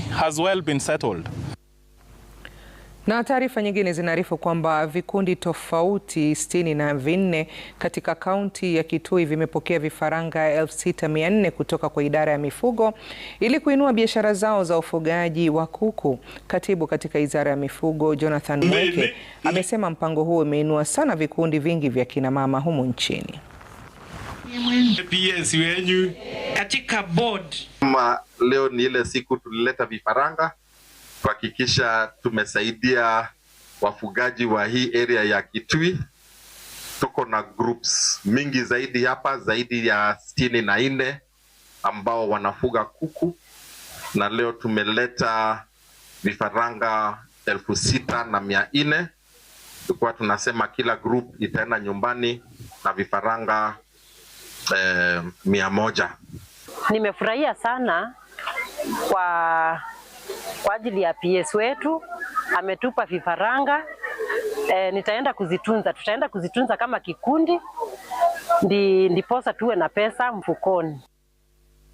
has well been settled. Na taarifa nyingine zinaarifu kwamba vikundi tofauti sitini na vinne katika kaunti ya Kitui vimepokea vifaranga 6400 kutoka kwa idara ya mifugo ili kuinua biashara zao za ufugaji wa kuku. Katibu katika idara ya mifugo Jonathan Mweke amesema mpango huo umeinua sana vikundi vingi vya kinamama humu nchini. Katika board kama leo ni ile siku tulileta vifaranga kuhakikisha tumesaidia wafugaji wa hii area ya Kitui. Tuko na groups mingi zaidi hapa, zaidi ya sitini na nne ambao wanafuga kuku, na leo tumeleta vifaranga elfu sita na mia nne. tukuwa tunasema kila group itaenda nyumbani na vifaranga eh, mia moja. Nimefurahia sana kwa, kwa ajili ya PS wetu ametupa vifaranga e, nitaenda kuzitunza, tutaenda kuzitunza kama kikundi ndi, ndiposa tuwe na pesa mfukoni.